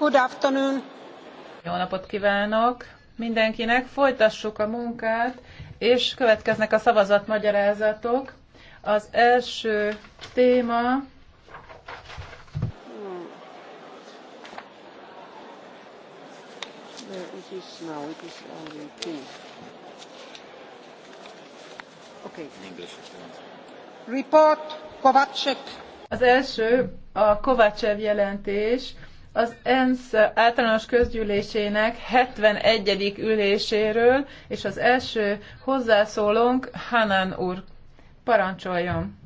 Good afternoon. Jó napot kívánok mindenkinek, folytassuk a munkát, és következnek a szavazatmagyarázatok. Az első téma Okay. Report Kovacek. Az első a Kovácsev jelentés, az ENSZ általános közgyűlésének 71. üléséről, és az első hozzászólónk Hanan úr. Parancsoljon!